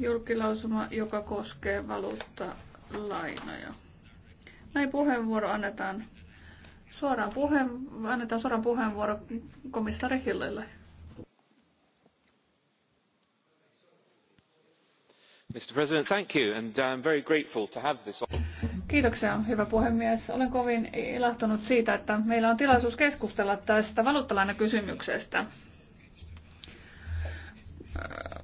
julkilausuma, joka koskee valuuttalainoja. Näin puheenvuoro annetaan suoraan, puheen, annetaan suoraan puheenvuoro komissaari Hillille. Mr. President, thank you, and uh, I'm very grateful to have this. Kiitoksia, hyvä puhemies. Olen kovin ilahtunut siitä, että meillä on tilaisuus keskustella tästä valuuttalainakysymyksestä. kysymyksestä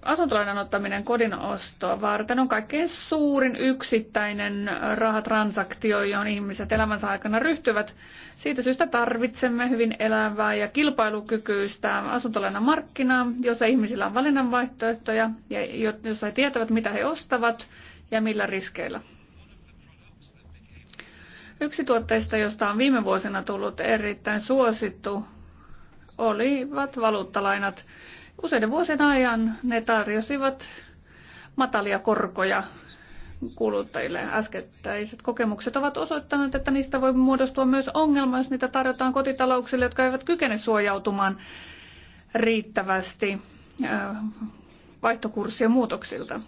Asuntolainan ottaminen kodin ostoa varten on kaikkein suurin yksittäinen rahatransaktio, johon ihmiset elämänsä aikana ryhtyvät. Siitä syystä tarvitsemme hyvin elävää ja kilpailukykyistä asuntolainamarkkinaa, jossa ihmisillä on valinnanvaihtoehtoja ja jossa he tietävät, mitä he ostavat ja millä riskeillä. Yksi tuotteista, josta on viime vuosina tullut erittäin suosittu, olivat valuuttalainat. Useiden vuosien ajan ne tarjosivat matalia korkoja kuluttajille. Äskettäiset kokemukset ovat osoittaneet, että niistä voi muodostua myös ongelma, jos niitä tarjotaan kotitalouksille, jotka eivät kykene suojautumaan riittävästi vaihtokurssien muutoksilta.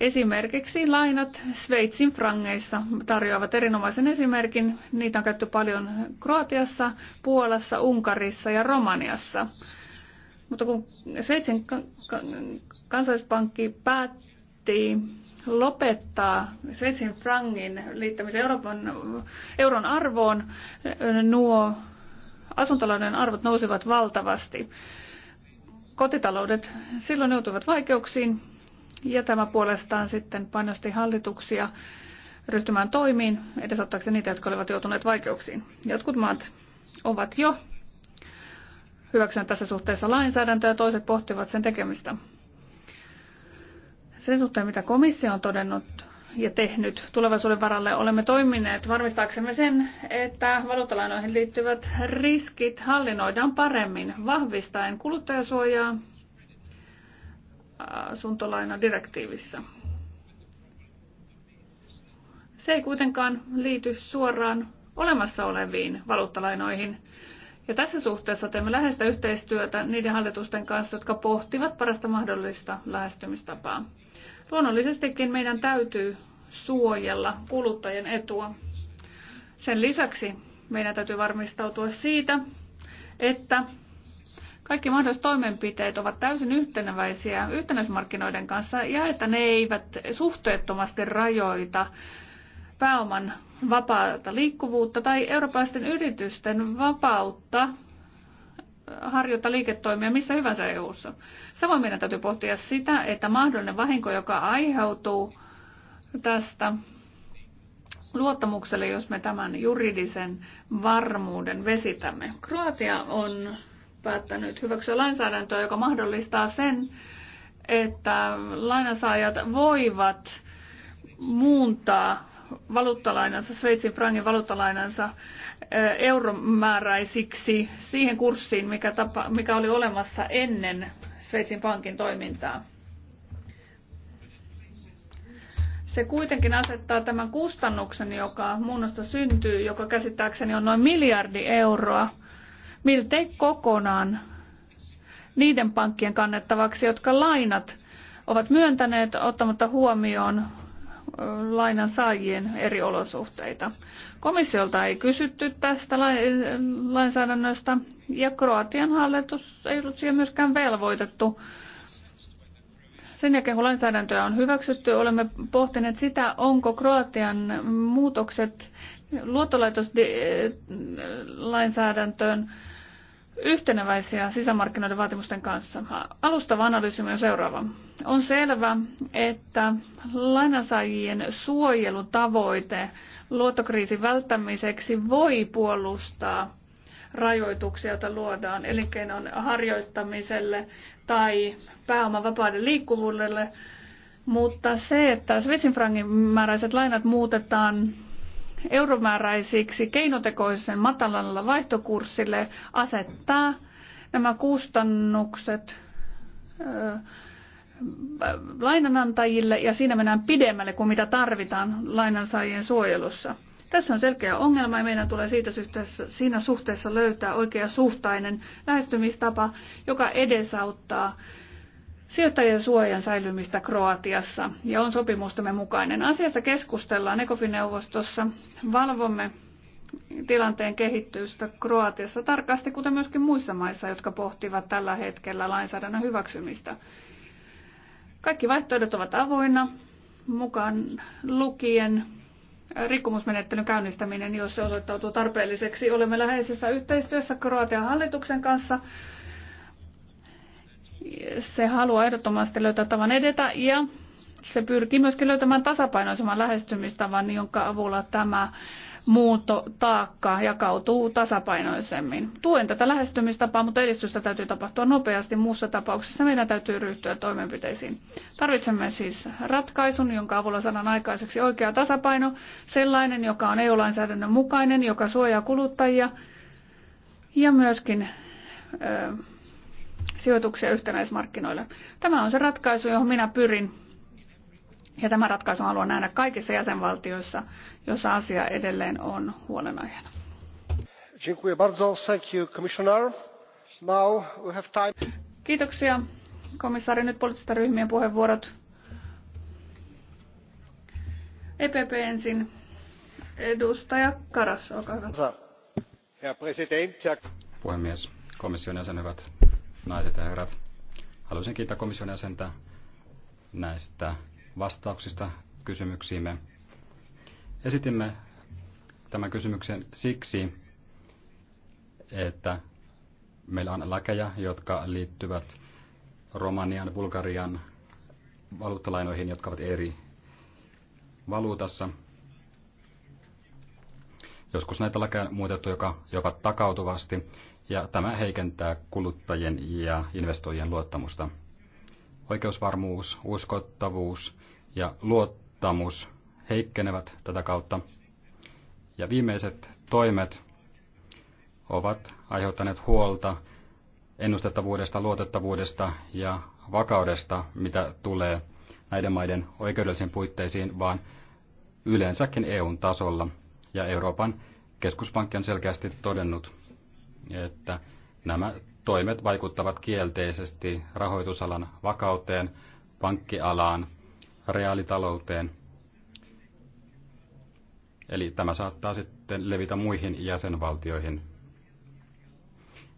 Esimerkiksi lainat Sveitsin frangeissa tarjoavat erinomaisen esimerkin. Niitä on käytetty paljon Kroatiassa, Puolassa, Unkarissa ja Romaniassa. Mutta kun Sveitsin kansallispankki päätti lopettaa Sveitsin frangin liittämisen Euroopan, euron arvoon, nuo asuntolainojen arvot nousivat valtavasti. Kotitaloudet silloin joutuivat vaikeuksiin ja tämä puolestaan sitten painosti hallituksia ryhtymään toimiin edesottaakseen niitä, jotka olivat joutuneet vaikeuksiin. Jotkut maat ovat jo hyväksyä tässä suhteessa lainsäädäntöä ja toiset pohtivat sen tekemistä. Sen suhteen, mitä komissio on todennut ja tehnyt tulevaisuuden varalle, olemme toimineet varmistaaksemme sen, että valuuttalainoihin liittyvät riskit hallinnoidaan paremmin, vahvistaen kuluttajasuojaa asuntolainadirektiivissä. Se ei kuitenkaan liity suoraan olemassa oleviin valuuttalainoihin, ja tässä suhteessa teemme läheistä yhteistyötä niiden hallitusten kanssa, jotka pohtivat parasta mahdollista lähestymistapaa. Luonnollisestikin meidän täytyy suojella kuluttajien etua. Sen lisäksi meidän täytyy varmistautua siitä, että kaikki mahdolliset toimenpiteet ovat täysin yhteneväisiä yhtenäismarkkinoiden kanssa ja että ne eivät suhteettomasti rajoita pääoman vapaata liikkuvuutta tai eurooppalaisten yritysten vapautta harjoittaa liiketoimia missä hyvänsä EU-ssa. Samoin meidän täytyy pohtia sitä, että mahdollinen vahinko, joka aiheutuu tästä luottamukselle, jos me tämän juridisen varmuuden vesitämme. Kroatia on päättänyt hyväksyä lainsäädäntöä, joka mahdollistaa sen, että lainansaajat voivat muuntaa valuuttalainansa, Sveitsin frangin valuuttalainansa euromääräisiksi siihen kurssiin, mikä, tapa, mikä oli olemassa ennen Sveitsin pankin toimintaa. Se kuitenkin asettaa tämän kustannuksen, joka muunnosta syntyy, joka käsittääkseni on noin miljardi euroa, miltei kokonaan niiden pankkien kannettavaksi, jotka lainat ovat myöntäneet ottamatta huomioon lainan saajien eri olosuhteita. Komissiolta ei kysytty tästä lainsäädännöstä ja Kroatian hallitus ei ollut siihen myöskään velvoitettu. Sen jälkeen kun lainsäädäntöä on hyväksytty, olemme pohtineet sitä, onko Kroatian muutokset luottolaitoslainsäädäntöön yhteneväisiä sisämarkkinoiden vaatimusten kanssa. Alustava analyysi on seuraava. On selvä, että lainansaajien suojelutavoite luottokriisin välttämiseksi voi puolustaa rajoituksia, joita luodaan elinkeinon harjoittamiselle tai pääoman vapaiden liikkuvuudelle, mutta se, että Sveitsin frangin määräiset lainat muutetaan euromääräisiksi keinotekoisen matalalla vaihtokurssille asettaa nämä kustannukset lainanantajille ja siinä mennään pidemmälle kuin mitä tarvitaan lainansaajien suojelussa. Tässä on selkeä ongelma ja meidän tulee siitä suhteessa, siinä suhteessa löytää oikea suhtainen lähestymistapa, joka edesauttaa sijoittajien suojan säilymistä Kroatiassa ja on sopimustamme mukainen. Asiasta keskustellaan ECOFIN-neuvostossa. Valvomme tilanteen kehittyystä Kroatiassa tarkasti, kuten myöskin muissa maissa, jotka pohtivat tällä hetkellä lainsäädännön hyväksymistä. Kaikki vaihtoehdot ovat avoinna, mukaan lukien rikkomusmenettelyn käynnistäminen, jos se osoittautuu tarpeelliseksi. Olemme läheisessä yhteistyössä Kroatian hallituksen kanssa se haluaa ehdottomasti löytää tavan edetä ja se pyrkii myöskin löytämään tasapainoisemman lähestymistavan, jonka avulla tämä taakka jakautuu tasapainoisemmin. Tuen tätä lähestymistapaa, mutta edistystä täytyy tapahtua nopeasti. Muussa tapauksessa meidän täytyy ryhtyä toimenpiteisiin. Tarvitsemme siis ratkaisun, jonka avulla saadaan aikaiseksi oikea tasapaino, sellainen, joka on EU-lainsäädännön mukainen, joka suojaa kuluttajia ja myöskin sijoituksia yhtenäismarkkinoille. Tämä on se ratkaisu, johon minä pyrin. Ja tämä ratkaisu haluan nähdä kaikissa jäsenvaltioissa, jossa asia edelleen on huolenaiheena. Kiitoksia komissaari. Nyt poliittisten ryhmien puheenvuorot. EPP ensin. Edustaja Karas, olkaa hyvä. Herr puhemies, komission jäsenet, hyvät naiset ja herrat. Haluaisin kiittää komission jäsentä näistä vastauksista kysymyksiimme. Esitimme tämän kysymyksen siksi, että meillä on lakeja, jotka liittyvät Romanian, Bulgarian valuuttalainoihin, jotka ovat eri valuutassa. Joskus näitä lakeja on muutettu joka, jopa takautuvasti, ja tämä heikentää kuluttajien ja investoijien luottamusta. Oikeusvarmuus, uskottavuus ja luottamus heikkenevät tätä kautta. Ja viimeiset toimet ovat aiheuttaneet huolta ennustettavuudesta, luotettavuudesta ja vakaudesta, mitä tulee näiden maiden oikeudellisiin puitteisiin, vaan yleensäkin EUn tasolla. Ja Euroopan keskuspankki on selkeästi todennut, että nämä toimet vaikuttavat kielteisesti rahoitusalan vakauteen, pankkialaan, reaalitalouteen. Eli tämä saattaa sitten levitä muihin jäsenvaltioihin.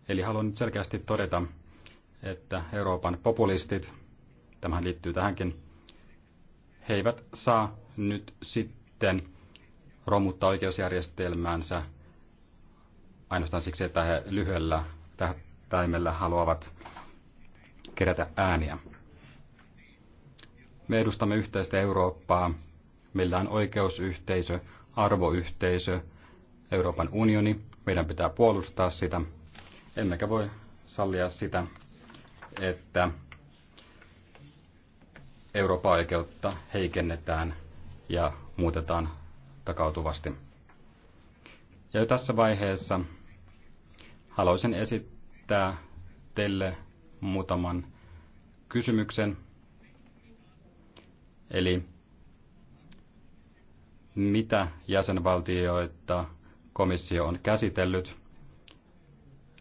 Eli haluan nyt selkeästi todeta, että Euroopan populistit, tämähän liittyy tähänkin, he eivät saa nyt sitten romuttaa oikeusjärjestelmäänsä ainoastaan siksi, että he lyhyellä tähtäimellä haluavat kerätä ääniä. Me edustamme yhteistä Eurooppaa. Meillä on oikeusyhteisö, arvoyhteisö, Euroopan unioni. Meidän pitää puolustaa sitä. Emmekä voi sallia sitä, että Euroopan oikeutta heikennetään ja muutetaan takautuvasti. Ja jo tässä vaiheessa Haluaisin esittää teille muutaman kysymyksen. Eli mitä jäsenvaltioita komissio on käsitellyt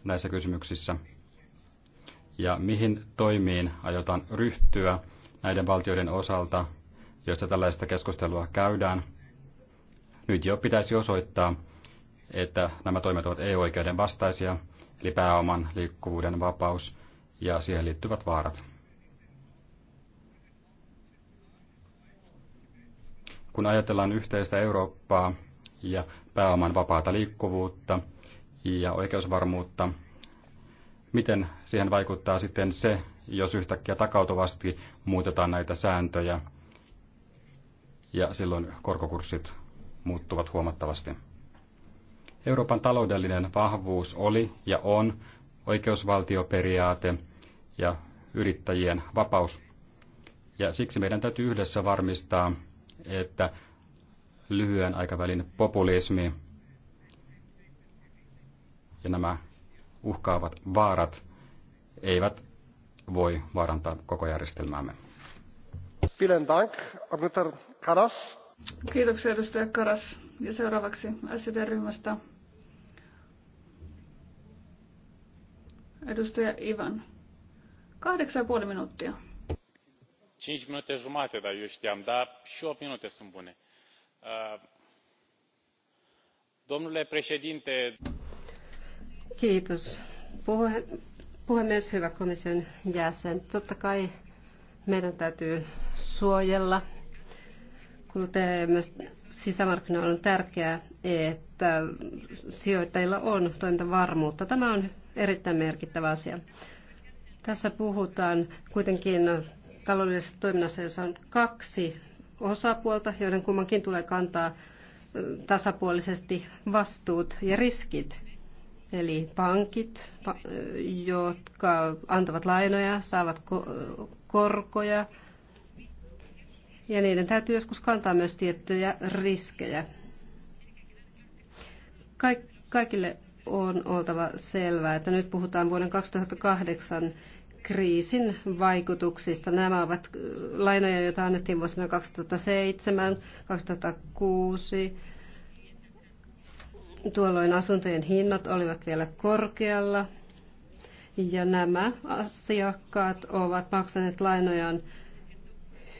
näissä kysymyksissä ja mihin toimiin aiotaan ryhtyä näiden valtioiden osalta, joissa tällaista keskustelua käydään. Nyt jo pitäisi osoittaa, että nämä toimet ovat EU-oikeuden vastaisia – eli pääoman liikkuvuuden vapaus ja siihen liittyvät vaarat. Kun ajatellaan yhteistä Eurooppaa ja pääoman vapaata liikkuvuutta ja oikeusvarmuutta, miten siihen vaikuttaa sitten se, jos yhtäkkiä takautuvasti muutetaan näitä sääntöjä ja silloin korkokurssit muuttuvat huomattavasti. Euroopan taloudellinen vahvuus oli ja on oikeusvaltioperiaate ja yrittäjien vapaus. Ja siksi meidän täytyy yhdessä varmistaa, että lyhyen aikavälin populismi ja nämä uhkaavat vaarat eivät voi vaarantaa koko järjestelmäämme. Kiitoksia edustaja Karas. Ja seuraavaksi SED-ryhmästä Edustaja Ivan. Kahdeksan ja puoli minuuttia. 5 minute jumate, dar eu știam, dar și 8 minute sunt bune. Uh, domnule președinte... Kiitos. Puhe, puhemies, hyvä komission jäsen. Totta kai meidän täytyy suojella kuluttajia sisämarkkinoilla on tärkeää, että sijoittajilla on toimintavarmuutta. Tämä on erittäin merkittävä asia. Tässä puhutaan kuitenkin taloudellisessa toiminnassa, jossa on kaksi osapuolta, joiden kummankin tulee kantaa tasapuolisesti vastuut ja riskit. Eli pankit, jotka antavat lainoja, saavat korkoja, ja niiden täytyy joskus kantaa myös tiettyjä riskejä. kaikille on oltava selvää, että nyt puhutaan vuoden 2008 kriisin vaikutuksista. Nämä ovat lainoja, joita annettiin vuosina 2007, 2006. Tuolloin asuntojen hinnat olivat vielä korkealla ja nämä asiakkaat ovat maksaneet lainojaan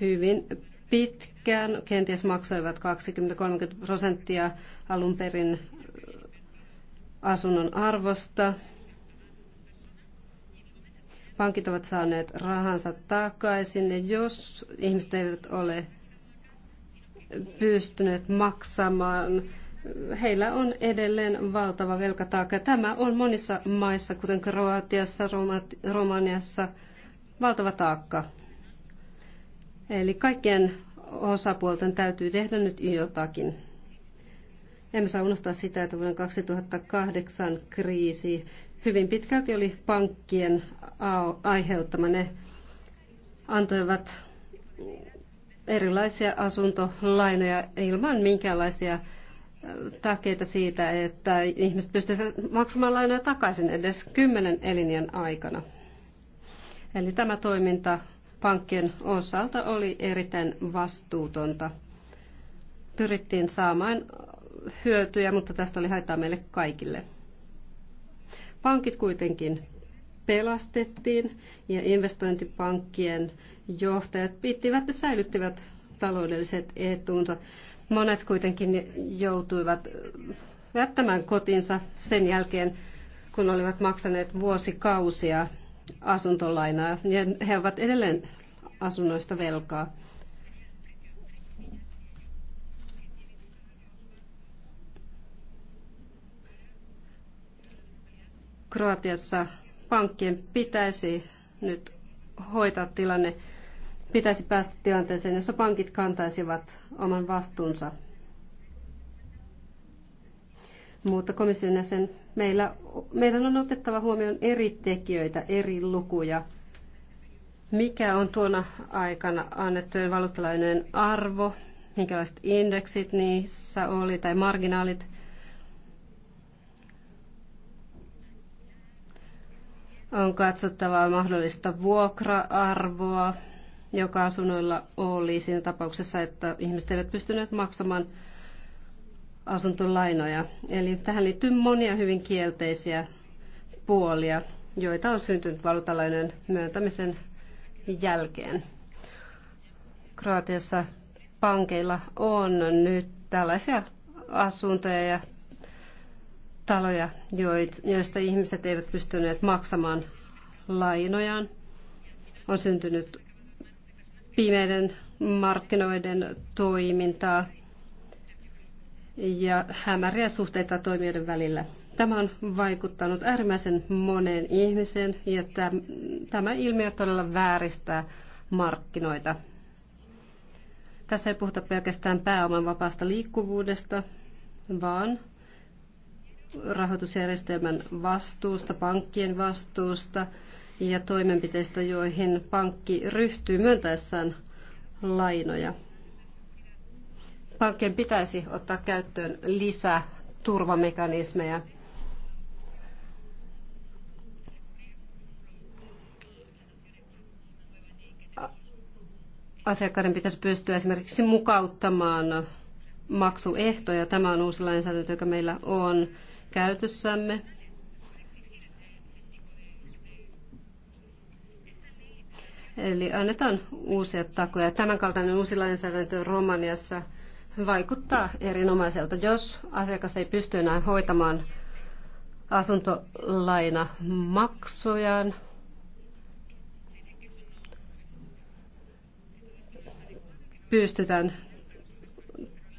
hyvin pitkään, kenties maksoivat 20-30 prosenttia alun perin asunnon arvosta. Pankit ovat saaneet rahansa takaisin ja jos ihmiset eivät ole pystyneet maksamaan, heillä on edelleen valtava velkataakka. Tämä on monissa maissa, kuten Kroatiassa, Romaniassa, valtava taakka. Eli kaikkien osapuolten täytyy tehdä nyt jotakin. Emme saa unohtaa sitä, että vuoden 2008 kriisi hyvin pitkälti oli pankkien aiheuttama. Ne antoivat erilaisia asuntolainoja ilman minkäänlaisia takeita siitä, että ihmiset pystyvät maksamaan lainoja takaisin edes kymmenen elinjän aikana. Eli tämä toiminta pankkien osalta oli erittäin vastuutonta. Pyrittiin saamaan hyötyjä, mutta tästä oli haittaa meille kaikille. Pankit kuitenkin pelastettiin ja investointipankkien johtajat pitivät ja säilyttivät taloudelliset etuunsa. Monet kuitenkin joutuivat jättämään kotinsa sen jälkeen, kun olivat maksaneet vuosikausia asuntolainaa ja he ovat edelleen asunnoista velkaa. Kroatiassa pankkien pitäisi nyt hoitaa tilanne, pitäisi päästä tilanteeseen, jossa pankit kantaisivat oman vastuunsa. Mutta komission jäsen, meillä, meidän on otettava huomioon eri tekijöitä, eri lukuja. Mikä on tuona aikana annettujen valuuttalainojen arvo, minkälaiset indeksit niissä oli tai marginaalit – On katsottava mahdollista vuokra-arvoa, joka asunnoilla oli siinä tapauksessa, että ihmiset eivät pystyneet maksamaan asuntolainoja. Eli tähän liittyy monia hyvin kielteisiä puolia, joita on syntynyt valuutalainojen myöntämisen jälkeen. Kroatiassa pankeilla on nyt tällaisia asuntoja ja taloja, joista ihmiset eivät pystyneet maksamaan lainojaan. On syntynyt pimeiden markkinoiden toimintaa ja hämäriä suhteita toimijoiden välillä. Tämä on vaikuttanut äärimmäisen moneen ihmiseen ja tämä ilmiö todella vääristää markkinoita. Tässä ei puhuta pelkästään pääoman vapaasta liikkuvuudesta, vaan rahoitusjärjestelmän vastuusta, pankkien vastuusta ja toimenpiteistä, joihin pankki ryhtyy myöntäessään lainoja. Pankkien pitäisi ottaa käyttöön lisää turvamekanismeja. Asiakkaiden pitäisi pystyä esimerkiksi mukauttamaan maksuehtoja. Tämä on uusi lainsäädäntö, joka meillä on käytössämme. Eli annetaan uusia takoja. Tämänkaltainen uusi lainsäädäntö Romaniassa vaikuttaa erinomaiselta. Jos asiakas ei pysty enää hoitamaan maksujaan, pystytään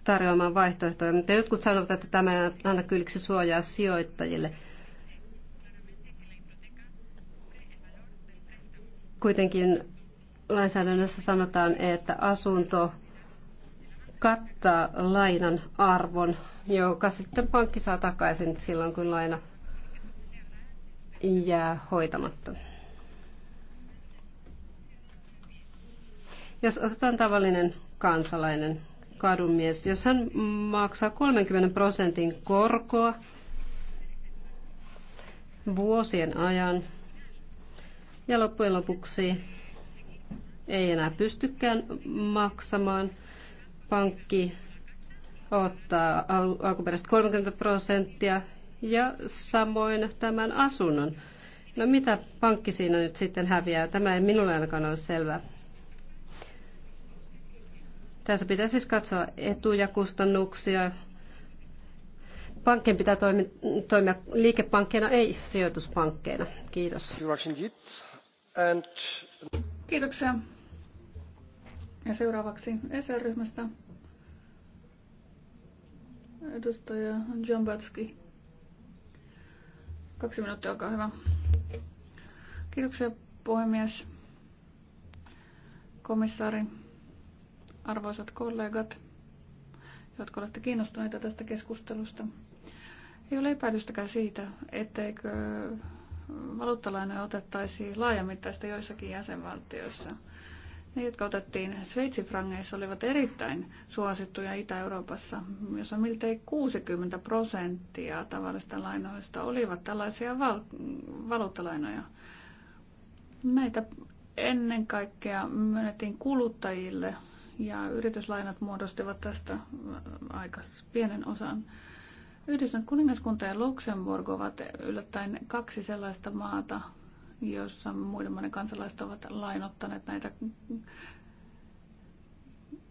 tarjoamaan vaihtoehtoja, mutta jotkut sanovat, että tämä ei anna kylliksi suojaa sijoittajille. Kuitenkin lainsäädännössä sanotaan, että asunto kattaa lainan arvon, joka sitten pankki saa takaisin silloin, kun laina jää hoitamatta. Jos otetaan tavallinen kansalainen kadunmies, jos hän maksaa 30 prosentin korkoa vuosien ajan ja loppujen lopuksi ei enää pystykään maksamaan, pankki ottaa alkuperäiset 30 prosenttia ja samoin tämän asunnon. No mitä pankki siinä nyt sitten häviää? Tämä ei minulle ainakaan ole selvää. Tässä pitää siis katsoa etuja, kustannuksia. Pankkien pitää toimi, toimia liikepankkeina, ei sijoituspankkeina. Kiitos. Kiitoksia. Ja seuraavaksi ESR-ryhmästä edustaja John Batski. Kaksi minuuttia, olkaa hyvä. Kiitoksia puhemies, komissaari arvoisat kollegat, jotka olette kiinnostuneita tästä keskustelusta. Ei ole epäilystäkään siitä, etteikö valuuttalainoja otettaisi laajamittaista joissakin jäsenvaltioissa. Ne, jotka otettiin sveitsifrangeissa, olivat erittäin suosittuja Itä-Euroopassa, jossa miltei 60 prosenttia tavallista lainoista olivat tällaisia val- valuuttalainoja. Näitä ennen kaikkea myönnettiin kuluttajille ja yrityslainat muodostivat tästä aika pienen osan. Yhdistynyt kuningaskunta ja Luxemburg ovat yllättäen kaksi sellaista maata, jossa muiden maiden kansalaiset ovat lainottaneet näitä.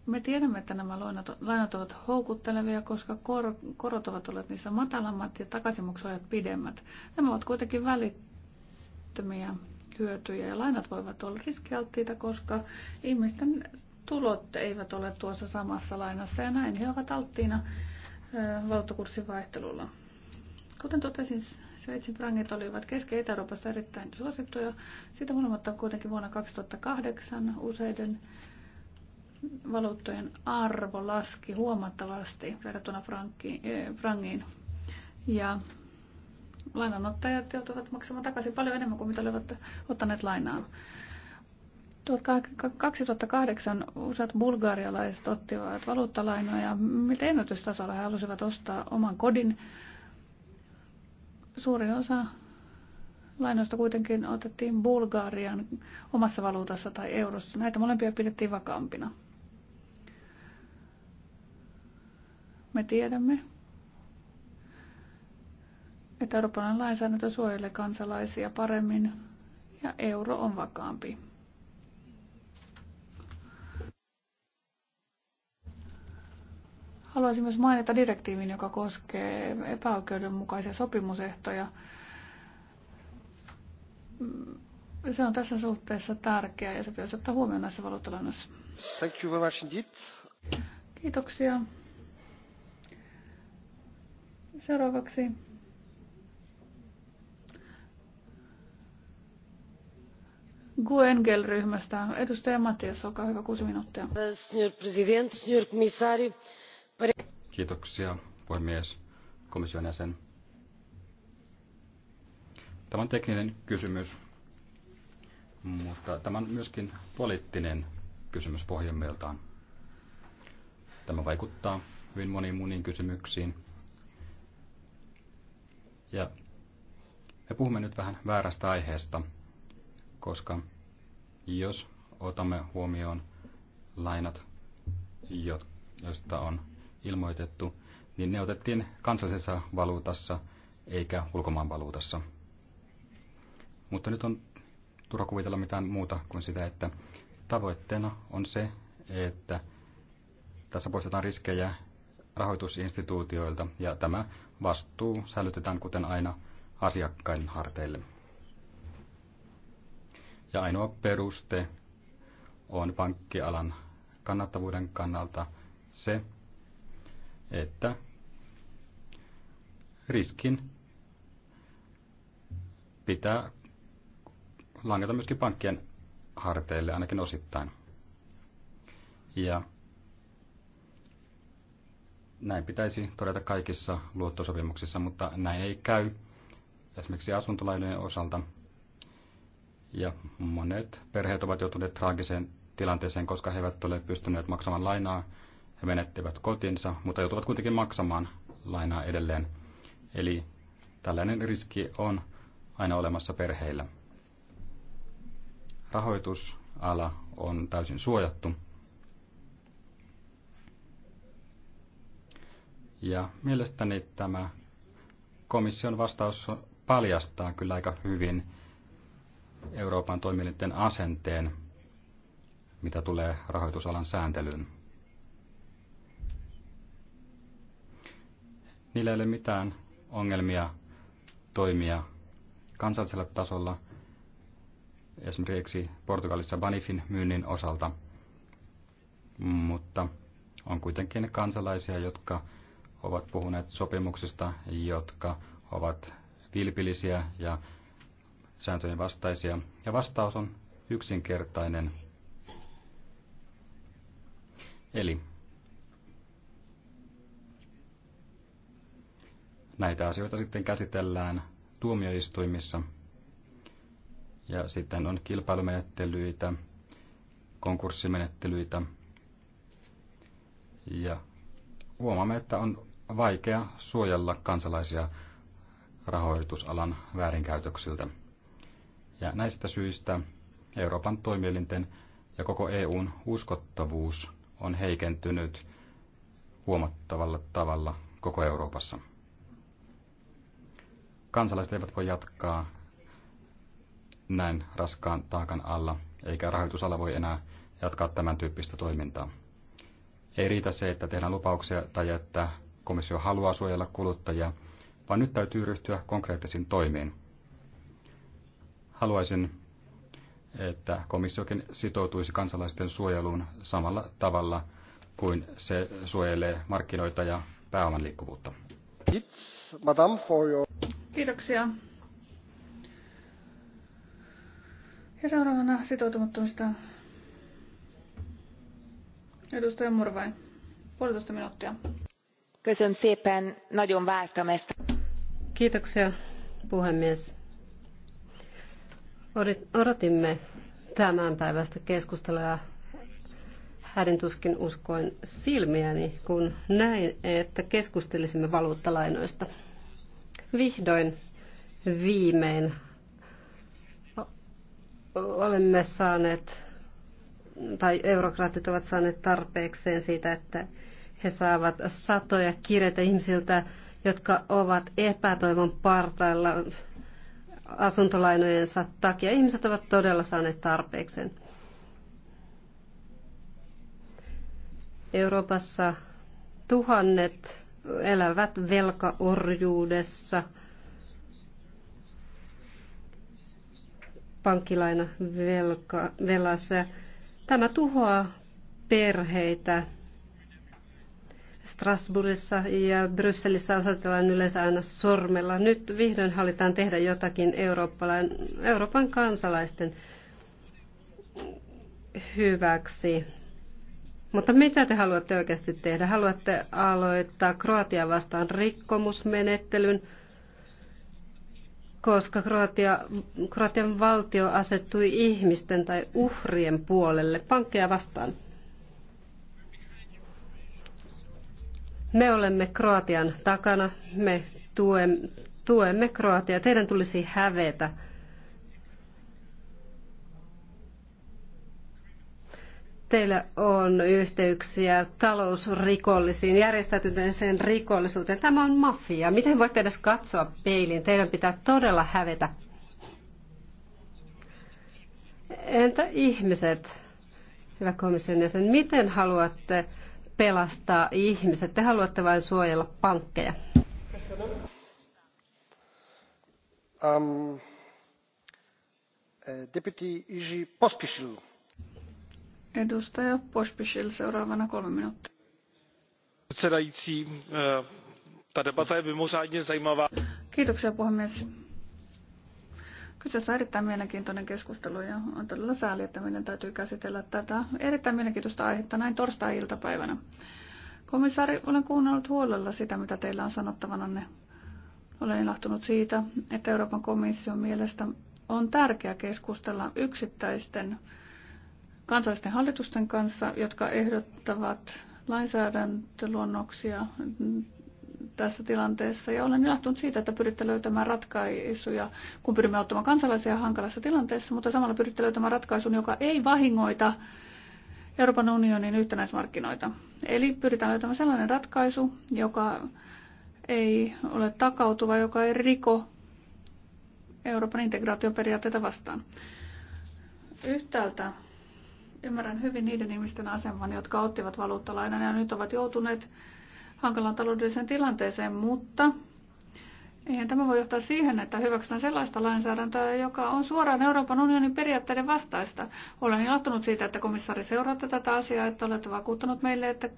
Me tiedämme, että nämä lainat ovat houkuttelevia, koska kor- korot ovat olleet niissä matalammat ja takaisinmaksuajat pidemmät. Nämä ovat kuitenkin välittömiä hyötyjä ja lainat voivat olla riskialttiita, koska ihmisten tulot eivät ole tuossa samassa lainassa ja näin he ovat alttiina valuuttakurssin vaihtelulla. Kuten totesin, Sveitsin frangit olivat Keski- etä euroopassa erittäin suosittuja. Siitä huolimatta kuitenkin vuonna 2008 useiden valuuttojen arvo laski huomattavasti verrattuna frangiin. Ja lainanottajat joutuivat maksamaan takaisin paljon enemmän kuin mitä olivat ottaneet lainaa. 2008 useat bulgarialaiset ottivat valuuttalainoja, miltä ennätystasolla he halusivat ostaa oman kodin. Suuri osa lainoista kuitenkin otettiin Bulgarian omassa valuutassa tai eurossa. Näitä molempia pidettiin vakaampina. Me tiedämme, että Euroopan lainsäädäntö suojelee kansalaisia paremmin ja euro on vakaampi. Haluaisin myös mainita direktiivin, joka koskee epäoikeudenmukaisia sopimusehtoja. Mm, se on tässä suhteessa tärkeä ja se pitäisi ottaa huomioon näissä valuuttalainoissa. Thank you very much indeed. Kiitoksia. Seuraavaksi Guengel-ryhmästä. Edustaja Matias, olkaa hyvä, kuusi minuuttia. Senhor presidente, senhor comissário, Kiitoksia, puhemies, komission jäsen. Tämä on tekninen kysymys, mutta tämä on myöskin poliittinen kysymys pohjimmiltaan. Tämä vaikuttaa hyvin moniin muniin kysymyksiin. Ja me puhumme nyt vähän väärästä aiheesta, koska jos otamme huomioon lainat, joista on ilmoitettu, niin ne otettiin kansallisessa valuutassa eikä ulkomaan valuutassa. Mutta nyt on turha kuvitella mitään muuta kuin sitä, että tavoitteena on se, että tässä poistetaan riskejä rahoitusinstituutioilta ja tämä vastuu säilytetään kuten aina asiakkaiden harteille. Ja ainoa peruste on pankkialan kannattavuuden kannalta se, että riskin pitää langeta myöskin pankkien harteille ainakin osittain. Ja näin pitäisi todeta kaikissa luottosopimuksissa, mutta näin ei käy esimerkiksi asuntolainojen osalta. Ja monet perheet ovat joutuneet traagiseen tilanteeseen, koska he eivät ole pystyneet maksamaan lainaa he menettivät kotinsa, mutta joutuvat kuitenkin maksamaan lainaa edelleen. Eli tällainen riski on aina olemassa perheillä. Rahoitusala on täysin suojattu. Ja mielestäni tämä komission vastaus paljastaa kyllä aika hyvin Euroopan toimielinten asenteen, mitä tulee rahoitusalan sääntelyyn. Niillä ei ole mitään ongelmia toimia kansallisella tasolla, esimerkiksi Portugalissa Banifin myynnin osalta, mutta on kuitenkin kansalaisia, jotka ovat puhuneet sopimuksista, jotka ovat vilpillisiä ja sääntöjen vastaisia. Ja vastaus on yksinkertainen. Eli Näitä asioita sitten käsitellään tuomioistuimissa. Ja sitten on kilpailumenettelyitä, konkurssimenettelyitä. Ja huomaamme, että on vaikea suojella kansalaisia rahoitusalan väärinkäytöksiltä. Ja näistä syistä Euroopan toimielinten ja koko EUn uskottavuus on heikentynyt huomattavalla tavalla koko Euroopassa kansalaiset eivät voi jatkaa näin raskaan taakan alla, eikä rahoitusala voi enää jatkaa tämän tyyppistä toimintaa. Ei riitä se, että tehdään lupauksia tai että komissio haluaa suojella kuluttajia, vaan nyt täytyy ryhtyä konkreettisiin toimiin. Haluaisin, että komissiokin sitoutuisi kansalaisten suojeluun samalla tavalla kuin se suojelee markkinoita ja pääoman liikkuvuutta. Madame, for your... Kiitoksia. Ja seuraavana sitoutumattomista edustaja Murvai. Puolitoista minuuttia. Köszönöm szépen, nagyon vártam ezt. Kiitoksia, puhemies. Odotimme tämän päivästä keskustelua ja hädin tuskin uskoin silmiäni, kun näin, että keskustelisimme valuuttalainoista vihdoin viimein olemme saaneet, tai eurokraatit ovat saaneet tarpeekseen siitä, että he saavat satoja kirjeitä ihmisiltä, jotka ovat epätoivon partailla asuntolainojensa takia. Ihmiset ovat todella saaneet tarpeekseen. Euroopassa tuhannet elävät velkaorjuudessa, pankkilaina velka, velassa. Tämä tuhoaa perheitä. Strasbourgissa ja Brysselissä osoitellaan yleensä aina sormella. Nyt vihdoin halutaan tehdä jotakin Euroopan kansalaisten hyväksi. Mutta mitä te haluatte oikeasti tehdä? Haluatte aloittaa Kroatia vastaan rikkomusmenettelyn, koska Kroatia, Kroatian valtio asettui ihmisten tai uhrien puolelle pankkeja vastaan. Me olemme Kroatian takana, me tuemme, tuemme Kroatiaa. Teidän tulisi hävetä. teillä on yhteyksiä talousrikollisiin, järjestäytyneeseen rikollisuuteen. Tämä on mafia. Miten voitte edes katsoa peiliin? Teidän pitää todella hävetä. Entä ihmiset, hyvä komission jäsen, miten haluatte pelastaa ihmiset? Te haluatte vain suojella pankkeja. Um, deputy Iji Pospisilu. Edustaja Pospisil seuraavana kolme minuuttia. Předsedající, eh, ta debata je mimořádně zajímavá. Kiitoksia puhemies. Kyseessä on erittäin mielenkiintoinen keskustelu ja on todella sääli, että meidän täytyy käsitellä tätä erittäin mielenkiintoista aihetta näin torstai-iltapäivänä. Komissaari, olen kuunnellut huolella sitä, mitä teillä on sanottavananne. Olen ilahtunut siitä, että Euroopan komission mielestä on tärkeää keskustella yksittäisten kansallisten hallitusten kanssa, jotka ehdottavat lainsäädäntöluonnoksia tässä tilanteessa. Ja olen ilahtunut siitä, että pyritte löytämään ratkaisuja, kun pyrimme auttamaan kansalaisia hankalassa tilanteessa, mutta samalla pyritte löytämään ratkaisun, joka ei vahingoita Euroopan unionin yhtenäismarkkinoita. Eli pyritään löytämään sellainen ratkaisu, joka ei ole takautuva, joka ei riko Euroopan integraatioperiaatteita vastaan. Yhtäältä Ymmärrän hyvin niiden ihmisten aseman, jotka ottivat valuuttalainan ja nyt ovat joutuneet hankalaan taloudelliseen tilanteeseen, mutta eihän tämä voi johtaa siihen, että hyväksytään sellaista lainsäädäntöä, joka on suoraan Euroopan unionin periaatteiden vastaista. Olen ilahtunut siitä, että komissaari seuraatte tätä asiaa, että olette vakuuttanut meille, että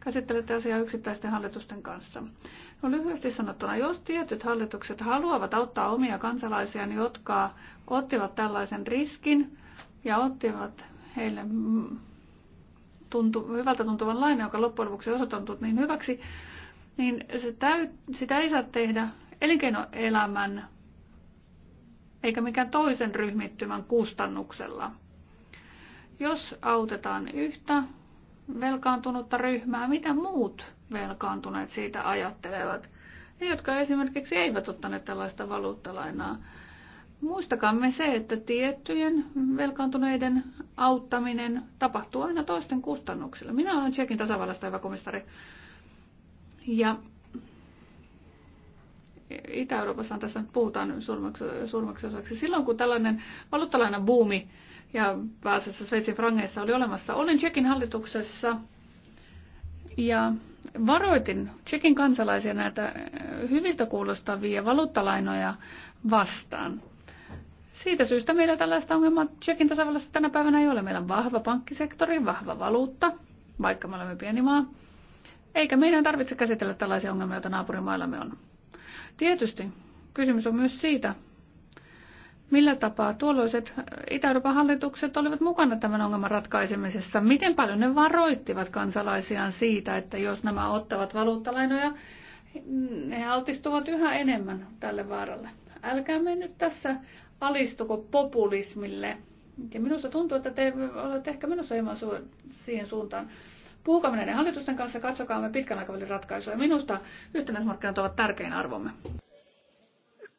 käsittelette asiaa yksittäisten hallitusten kanssa. No lyhyesti sanottuna, jos tietyt hallitukset haluavat auttaa omia kansalaisiaan, jotka ottivat tällaisen riskin ja ottivat heille mm, tuntu, hyvältä tuntuvan lainan, joka loppujen lopuksi on niin hyväksi, niin se täyt, sitä ei saa tehdä elinkeinoelämän eikä mikään toisen ryhmittymän kustannuksella. Jos autetaan yhtä velkaantunutta ryhmää, mitä muut velkaantuneet siitä ajattelevat? Ne, jotka esimerkiksi eivät ottaneet tällaista valuuttalainaa, Muistakaamme se, että tiettyjen velkaantuneiden auttaminen tapahtuu aina toisten kustannuksilla. Minä olen Tsekin tasavallasta hyvä komissari. Ja Itä-Euroopassa tässä nyt puhutaan suurmaksi osaksi. Silloin kun tällainen valuuttalainen buumi ja pääasiassa Sveitsin frangeissa oli olemassa, olin Tsekin hallituksessa ja varoitin Tsekin kansalaisia näitä hyviltä kuulostavia valuuttalainoja vastaan. Siitä syystä meillä tällaista ongelmaa Tsekin tasavallassa tänä päivänä ei ole. Meillä on vahva pankkisektori, vahva valuutta, vaikka me olemme pieni maa. Eikä meidän tarvitse käsitellä tällaisia ongelmia, joita naapurimaillamme on. Tietysti kysymys on myös siitä, millä tapaa tuolloiset Itä-Euroopan hallitukset olivat mukana tämän ongelman ratkaisemisessa. Miten paljon ne varoittivat kansalaisiaan siitä, että jos nämä ottavat valuuttalainoja, ne altistuvat yhä enemmän tälle vaaralle. me nyt tässä alistuko populismille. Ja minusta tuntuu, että te olette ehkä menossa hieman su- siihen suuntaan. Puhukamme näiden hallitusten kanssa, katsokaamme pitkän aikavälin ratkaisuja. Minusta yhtenäismarkkinat ovat tärkein arvomme.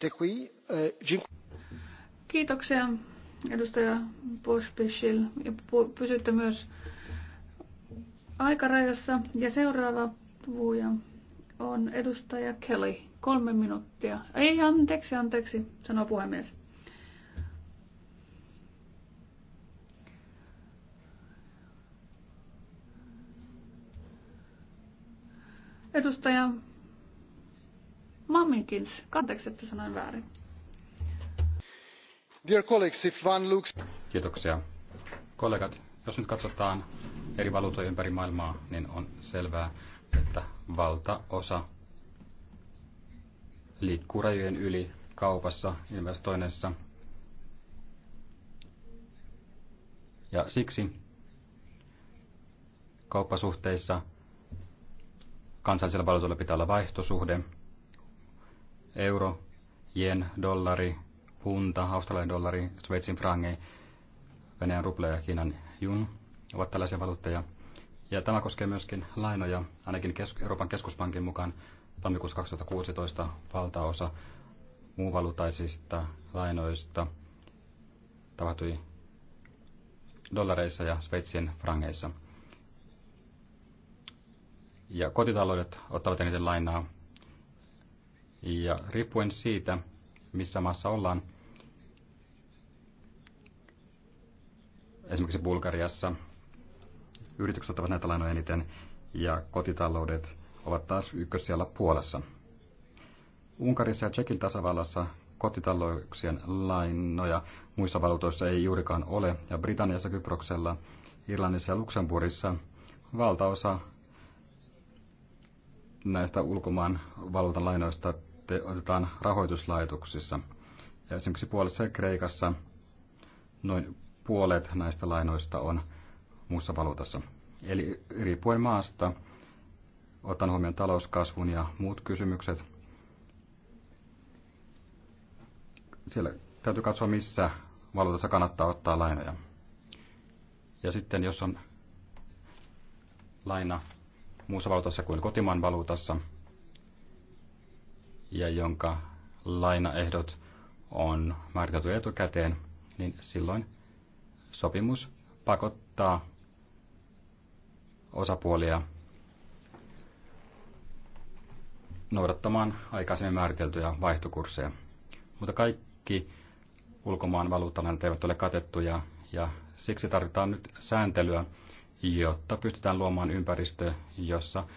Eh, Kiitoksia edustaja Pospisil. Pysytte myös aikarajassa. Ja seuraava puhuja on edustaja Kelly. Kolme minuuttia. Ei, anteeksi, anteeksi, sanoo puhemies. Edustaja Mammikins, kanteeksi, että sanoin väärin. Dear colleagues, if one looks... Kiitoksia. Kollegat, jos nyt katsotaan eri valuutoja ympäri maailmaa, niin on selvää, että valtaosa liikkuu rajojen yli kaupassa, investoinnissa. Ja siksi kauppasuhteissa – kansallisella valuutalla pitää olla vaihtosuhde. Euro, jen, dollari, hunta, australian dollari, sveitsin frange, Venäjän ruble ja Kiinan jun ovat tällaisia valuutteja. Ja tämä koskee myöskin lainoja, ainakin kes- Euroopan keskuspankin mukaan tammikuussa 2016 valtaosa muuvalutaisista lainoista tapahtui dollareissa ja Sveitsin frangeissa ja kotitaloudet ottavat eniten lainaa. Ja riippuen siitä, missä maassa ollaan, esimerkiksi Bulgariassa yritykset ottavat näitä lainoja eniten ja kotitaloudet ovat taas ykkössijalla Puolassa. Unkarissa ja Tsekin tasavallassa kotitalouksien lainoja muissa valuutoissa ei juurikaan ole, ja Britanniassa, Kyproksella, Irlannissa ja Luxemburgissa valtaosa näistä ulkomaan lainoista te otetaan rahoituslaitoksissa. Ja esimerkiksi puolessa Kreikassa noin puolet näistä lainoista on muussa valuutassa. Eli riippuen maasta, otan huomioon talouskasvun ja muut kysymykset, siellä täytyy katsoa, missä valuutassa kannattaa ottaa lainoja. Ja sitten jos on laina muussa valuutassa kuin kotimaan valuutassa ja jonka lainaehdot on määritelty etukäteen, niin silloin sopimus pakottaa osapuolia noudattamaan aikaisemmin määriteltyjä vaihtokursseja. Mutta kaikki ulkomaan valuuttalainat eivät ole katettuja ja siksi tarvitaan nyt sääntelyä, jotta pystytään luomaan ympäristö, jossa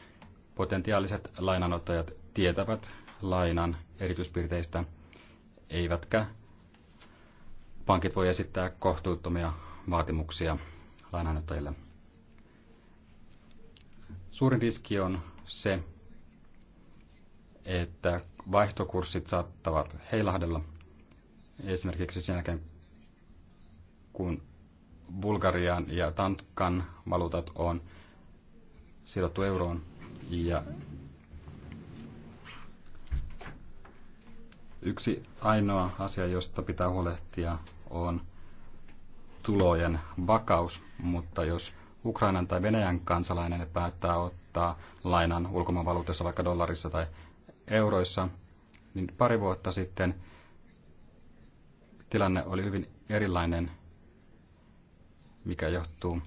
potentiaaliset lainanottajat tietävät lainan erityispiirteistä, eivätkä pankit voi esittää kohtuuttomia vaatimuksia lainanottajille. Suurin riski on se, että vaihtokurssit saattavat heilahdella esimerkiksi sen jälkeen, kun Bulgarian ja Tantkan valuutat on sidottu euroon ja yksi ainoa asia, josta pitää huolehtia, on tulojen vakaus, mutta jos Ukrainan tai Venäjän kansalainen päättää ottaa lainan ulkomaanvaluutassa vaikka dollarissa tai euroissa, niin pari vuotta sitten tilanne oli hyvin erilainen mikä johtuu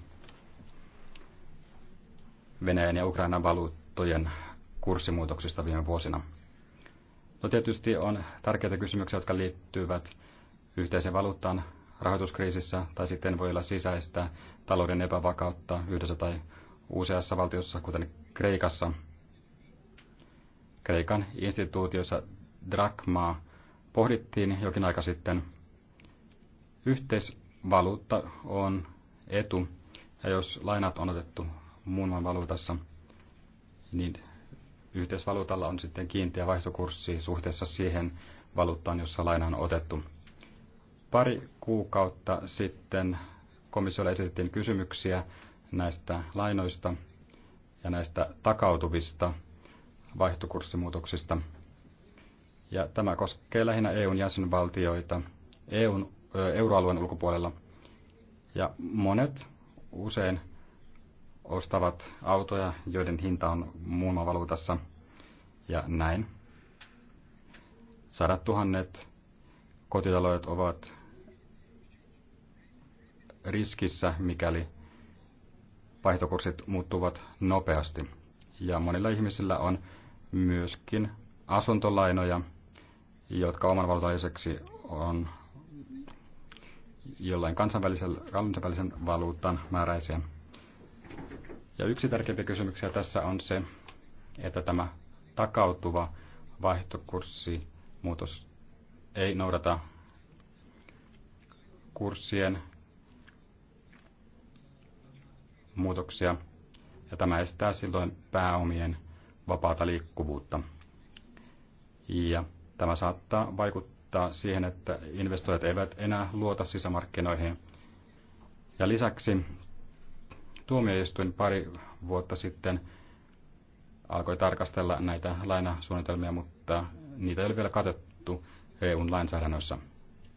Venäjän ja Ukrainan valuuttojen kurssimuutoksista viime vuosina. No tietysti on tärkeitä kysymyksiä, jotka liittyvät yhteisen valuuttaan rahoituskriisissä, tai sitten voi olla sisäistä talouden epävakautta yhdessä tai useassa valtiossa, kuten Kreikassa. Kreikan instituutiossa drakmaa pohdittiin jokin aika sitten. Yhteisvaluutta on etu. Ja jos lainat on otettu muun maan valuutassa, niin yhteisvaluutalla on sitten kiinteä vaihtokurssi suhteessa siihen valuuttaan, jossa laina on otettu. Pari kuukautta sitten komissiolle esitettiin kysymyksiä näistä lainoista ja näistä takautuvista vaihtokurssimuutoksista. Ja tämä koskee lähinnä EUn jäsenvaltioita EUn, euroalueen ulkopuolella – ja monet usein ostavat autoja, joiden hinta on valuutassa. Ja näin. Sadat tuhannet kotitaloudet ovat riskissä, mikäli vaihtokurssit muuttuvat nopeasti. Ja monilla ihmisillä on myöskin asuntolainoja, jotka oman valtaiseksi on jollain kansainvälisen, kansainvälisen valuutan määräisiä. Ja yksi tärkeimpiä kysymyksiä tässä on se, että tämä takautuva vaihtokurssimuutos ei noudata kurssien muutoksia, ja tämä estää silloin pääomien vapaata liikkuvuutta. Ja tämä saattaa vaikuttaa vaikuttaa siihen, että investoijat eivät enää luota sisämarkkinoihin. Ja lisäksi tuomioistuin pari vuotta sitten alkoi tarkastella näitä lainasuunnitelmia, mutta niitä ei ole vielä katettu EUn lainsäädännössä.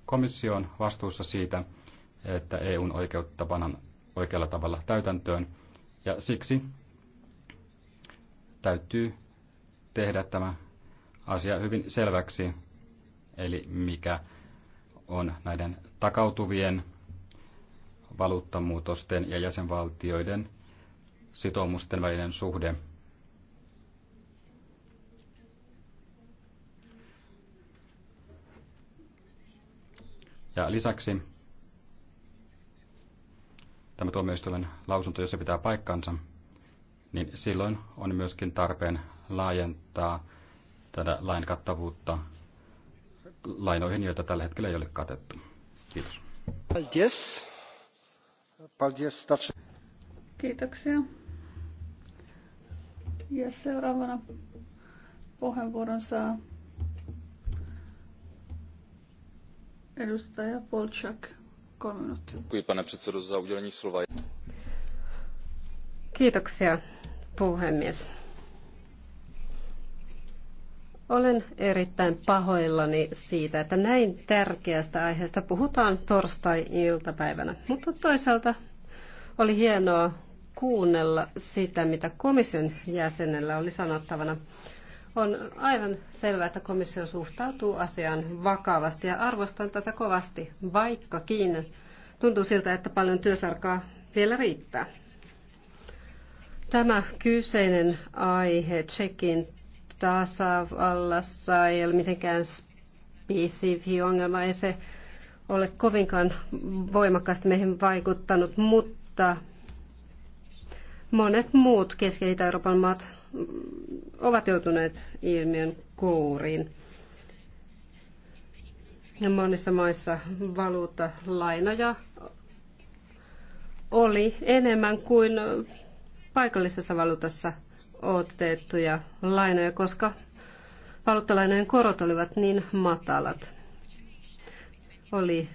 Komissio on vastuussa siitä, että EUn oikeutta panan oikealla tavalla täytäntöön, ja siksi täytyy tehdä tämä asia hyvin selväksi eli mikä on näiden takautuvien valuuttamuutosten ja jäsenvaltioiden sitoumusten välinen suhde. Ja lisäksi tämä tuomioistuimen lausunto, jos se pitää paikkansa, niin silloin on myöskin tarpeen laajentaa tätä lain kattavuutta lainoihin, joita tällä hetkellä ei ole katettu. Kiitos. Kiitoksia. Ja seuraavana puheenvuoron saa edustaja Polchak Kolme minuuttia. Kiitoksia, puhemies. Olen erittäin pahoillani siitä, että näin tärkeästä aiheesta puhutaan torstai-iltapäivänä. Mutta toisaalta oli hienoa kuunnella sitä, mitä komission jäsenellä oli sanottavana. On aivan selvää, että komissio suhtautuu asiaan vakavasti ja arvostan tätä kovasti, vaikkakin tuntuu siltä, että paljon työsarkaa vielä riittää. Tämä kyseinen aihe check-in tasavallassa ei ole mitenkään spesifi ongelma, ei se ole kovinkaan voimakkaasti meihin vaikuttanut, mutta monet muut Keski-Itä-Euroopan maat ovat joutuneet ilmiön kouriin. Ja monissa maissa valuutta lainoja oli enemmän kuin paikallisessa valuutassa otettuja lainoja, koska valuuttalainojen korot olivat niin matalat. Oli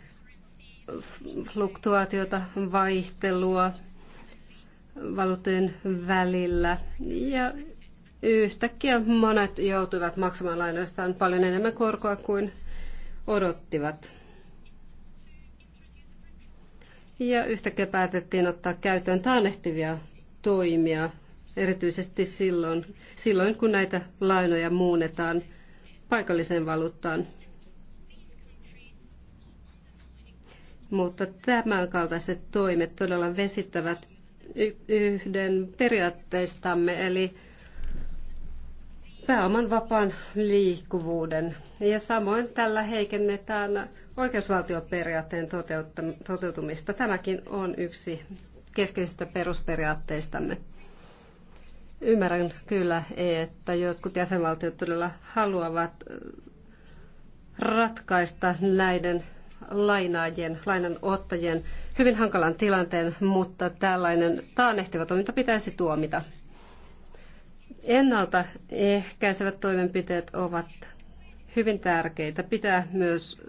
fluktuaatiota, vaihtelua valuuttojen välillä ja yhtäkkiä monet joutuivat maksamaan lainoistaan paljon enemmän korkoa kuin odottivat. Ja yhtäkkiä päätettiin ottaa käyttöön taannehtivia toimia erityisesti silloin, silloin kun näitä lainoja muunnetaan paikalliseen valuuttaan. Mutta tämän kaltaiset toimet todella vesittävät yhden periaatteistamme, eli pääoman vapaan liikkuvuuden. Ja samoin tällä heikennetään oikeusvaltioperiaatteen toteutumista. Tämäkin on yksi keskeisistä perusperiaatteistamme. Ymmärrän kyllä, että jotkut jäsenvaltiot todella haluavat ratkaista näiden lainaajien, lainanottajien hyvin hankalan tilanteen, mutta tällainen taanehtiva toiminta pitäisi tuomita. Ennaltaehkäisevät toimenpiteet ovat hyvin tärkeitä. Pitää myös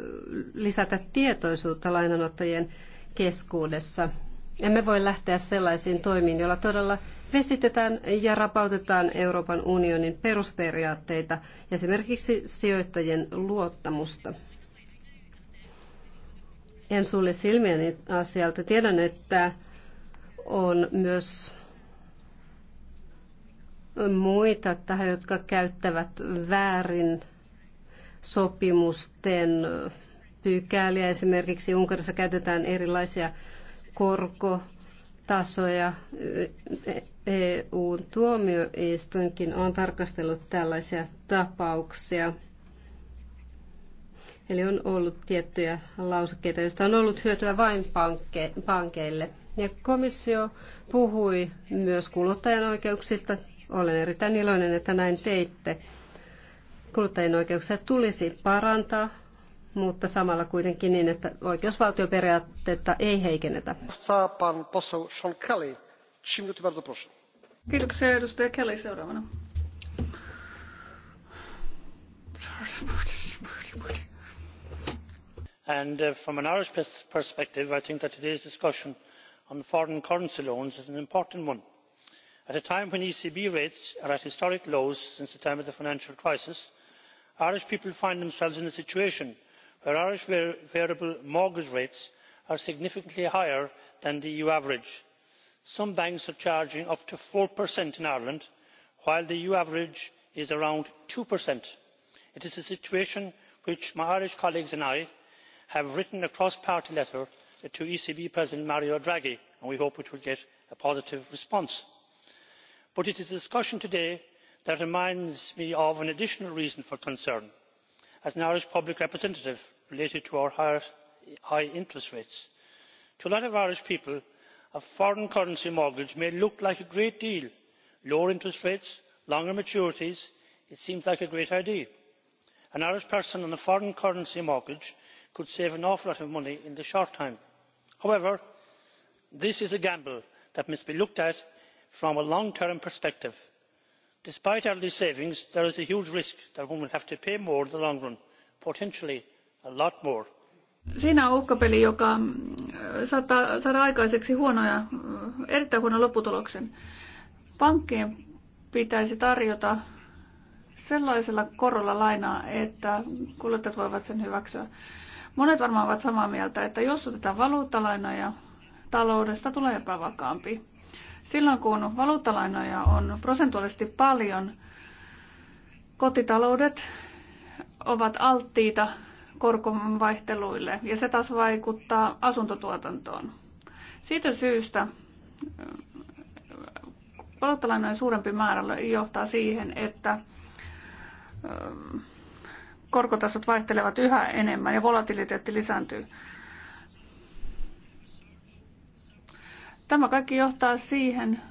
lisätä tietoisuutta lainanottajien keskuudessa. Emme voi lähteä sellaisiin toimiin, joilla todella vesitetään ja rapautetaan Euroopan unionin perusperiaatteita, esimerkiksi sijoittajien luottamusta. En sulle silmiäni asialta. Tiedän, että on myös muita tähän, jotka käyttävät väärin sopimusten pykäliä. Esimerkiksi Unkarissa käytetään erilaisia korkotasoja EU-tuomioistuinkin on tarkastellut tällaisia tapauksia. Eli on ollut tiettyjä lausekkeita, joista on ollut hyötyä vain pankke, pankeille. Ja komissio puhui myös kuluttajan oikeuksista. Olen erittäin iloinen, että näin teitte. Kuluttajien oikeuksia tulisi parantaa, mutta samalla kuitenkin niin, että oikeusvaltioperiaatteita ei heikennetä. Saa pan poseł Sean Kelly. Cinque minuti, bardzo proszę Kiitoksia edustaja Kelly seuraavana. And uh, from an Irish perspective, I think that today's discussion on foreign currency loans is an important one. At a time when ECB rates are at historic lows since the time of the financial crisis, Irish people find themselves in a situation where Irish variable mortgage rates are significantly higher than the eu average some banks are charging up to four in ireland while the eu average is around. two it is a situation which my irish colleagues and i have written a cross party letter to ecb president mario draghi and we hope it will get a positive response. but it is the discussion today that reminds me of an additional reason for concern as an irish public representative related to our high interest rates. to a lot of irish people a foreign currency mortgage may look like a great deal lower interest rates longer maturities it seems like a great idea. an irish person on a foreign currency mortgage could save an awful lot of money in the short term. however this is a gamble that must be looked at from a long term perspective. despite early savings there is a huge risk that one will have to pay more in the long run potentially a lot more. siinä on uhkapeli joka saattaa saada aikaiseksi huonoja, erittäin huonon lopputuloksen. Pankkien pitäisi tarjota sellaisella korolla lainaa, että kuluttajat voivat sen hyväksyä. Monet varmaan ovat samaa mieltä, että jos otetaan valuuttalainoja, taloudesta tulee epävakaampi. Silloin kun valuuttalainoja on prosentuaalisesti paljon, kotitaloudet ovat alttiita korkon vaihteluille ja se taas vaikuttaa asuntotuotantoon. Siitä syystä äh, polttolainojen suurempi määrä johtaa siihen, että äh, korkotasot vaihtelevat yhä enemmän ja volatiliteetti lisääntyy. Tämä kaikki johtaa siihen,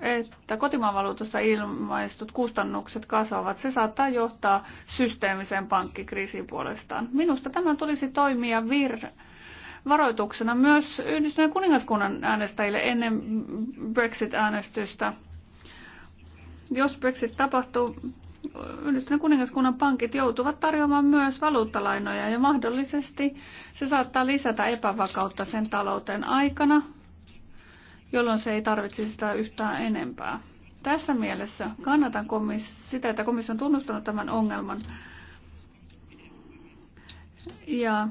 että kotimaan valuutassa ilmaistut kustannukset kasvavat, se saattaa johtaa systeemiseen pankkikriisiin puolestaan. Minusta tämän tulisi toimia vir- varoituksena myös Yhdistyneen kuningaskunnan äänestäjille ennen Brexit-äänestystä. Jos Brexit tapahtuu, Yhdistyneen kuningaskunnan pankit joutuvat tarjoamaan myös valuuttalainoja ja mahdollisesti se saattaa lisätä epävakautta sen talouteen aikana, jolloin se ei tarvitse sitä yhtään enempää. Tässä mielessä kannatan sitä, että komissio on tunnustanut tämän ongelman. Ja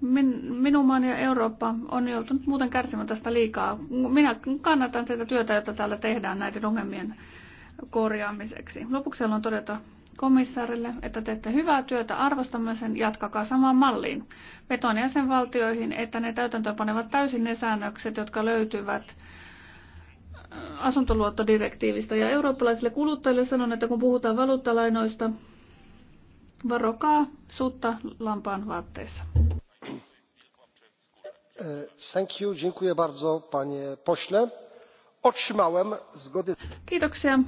min, minun maani ja Eurooppa on joutunut muuten kärsimään tästä liikaa. Minä kannatan tätä työtä, jota täällä tehdään näiden ongelmien korjaamiseksi. Lopuksi haluan todeta komissaarille, että teette hyvää työtä, arvostamme sen, jatkakaa samaan malliin. Vetoan jäsenvaltioihin, että ne täytäntöönpanevat täysin ne säännökset, jotka löytyvät äh, asuntoluottodirektiivistä. Ja eurooppalaisille kuluttajille sanon, että kun puhutaan valuuttalainoista, varokaa suutta, lampaan vaatteissa. Äh, thank you, dziękuję bardzo, panie pośle. Otrzymałem zgody. Kiitoksia.